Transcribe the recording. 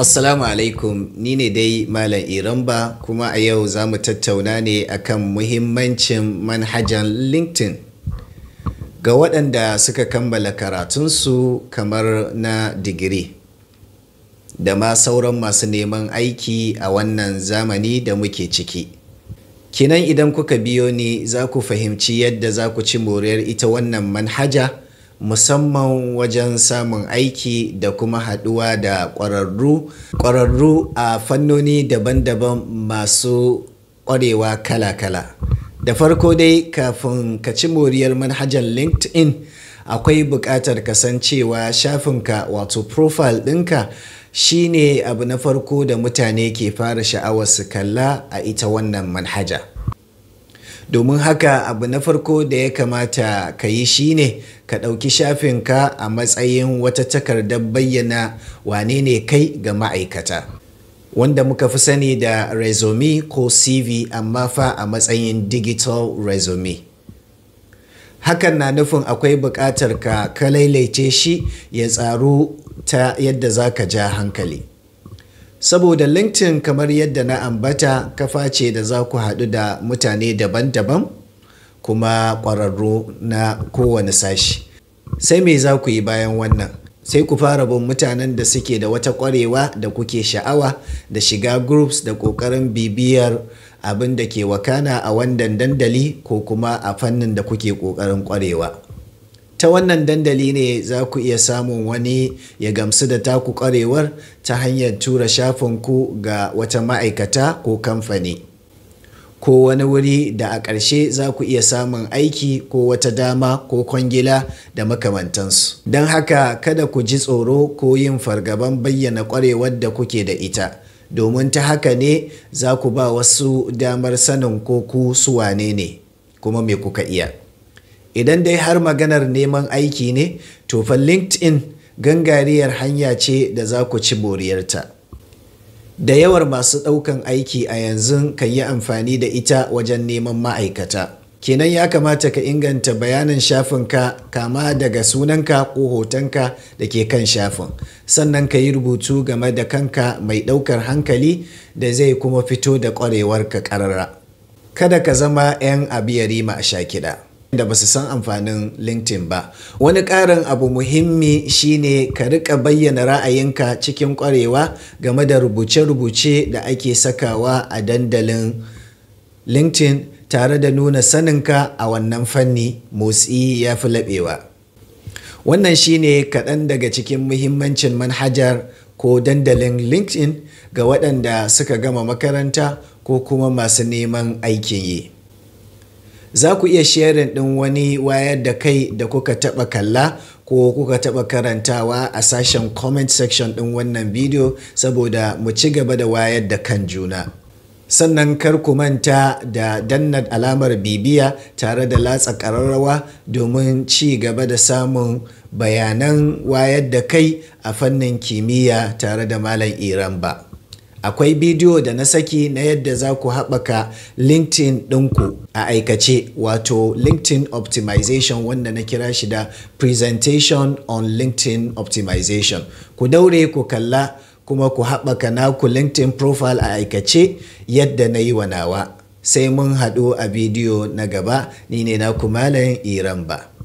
Assalamu alaikum ni ne dai Malam Iramba kuma a yau za mu tattauna ne akan muhimmancin manhajan LinkedIn. Ga waɗanda suka kammala karatunsu kamar na digiri da ma sauran masu neman aiki a wannan zamani da muke ciki. Kinan idan kuka biyo ni za ku fahimci yadda za ku ci moriyar ita wannan manhaja. musamman wajen samun aiki da kuma haɗuwa da ƙwararru a fannoni daban-daban masu ƙwarewa kala-kala da farko dai kafin ka ci moriyar manhajar linkedin akwai buƙatar kasancewa shafinka wato profile ɗinka shine abu na farko da mutane ke fara sha'awar su kalla a ita wannan manhaja. domin haka abu na farko da ya kamata ka yi shi ne ka ɗauki shafinka a matsayin wata takardar bayyana wane ne kai ga ma'aikata wanda muka fi sani da resume ko cv amma fa a matsayin digital resume hakan na nufin akwai buƙatar ka ka lailaice shi ya tsaru ta yadda za ka ja hankali saboda linkedin kamar yadda na ambata kafa ce da za ku haɗu da mutane daban-daban kuma ƙwararru na kowane sashi sai me za ku yi bayan wannan sai ku fara bin mutanen da suke da wata ƙwarewa da kuke sha'awa da shiga groups da ƙoƙarin bibiyar abin da ke wakana a wannan dandali ko kuma a fannin da kuke ƙoƙarin ƙwarewa ta wannan dandali ne za ku iya samun wani ya gamsu da taku kwarewar ta hanyar tura shafinku ga wata ma'aikata ko kamfani ko wani wuri da a ƙarshe za ku iya samun aiki ko wata dama ko kwangila da makamantansu don haka kada ku ji tsoro ko yin fargaban bayyana kwarewar da kuke da ita domin ta haka ne za ku ba wasu damar sanin ko ku suwane ne kuma me kuka iya idan dai har maganar neman aiki ne to fa linkedin gangariyar hanya ce da za ku ci moriyarta da yawar masu ɗaukan aiki a yanzu kan yi amfani da ita wajen neman ma'aikata kenan ya kamata ka inganta bayanin shafinka kama daga sunanka ko hotonka da ke kan shafin sannan ka yi rubutu game da kanka mai ɗaukar hankali da zai kuma fito da ƙwarewarka ƙarara kada ka zama 'yan yarima a sha kiɗa. da ba su san amfanin linkedin ba wani ƙarin abu muhimmi shine ka rika bayyana ra'ayinka cikin ƙwarewa game da rubuce-rubuce da ake sakawa a dandalin linkedin tare da nuna saninka a wannan fanni motsi ya fi laɓewa wannan shine kaɗan daga cikin muhimmancin manhajar ko dandalin linkedin ga waɗanda suka gama makaranta ko kuma masu neman aikin yi. za ku iya sharin ɗin wani wayar da kai da kuka taɓa kalla ko kuka taɓa karantawa a sashen comment section ɗin wannan bidiyo saboda mu ci gaba da wayar da kan juna. sannan kar ku manta da danna alamar bibiya tare da latsa ƙararrawa domin ci gaba da samun bayanan wayar da kai a fannin kimiyya tare da malam iran ba. akwai bidiyo da na saki na yadda za ku haɓaka linkedin ɗinku a aikace wato linkedin optimization wanda na kira shi da presentation on linkedin optimization ku daure ku kalla kuma ku haɓaka naku linkedin profile a aikace yadda na yi wa nawa sai mun haɗu a bidiyo na gaba ni ne na kumalin iran ba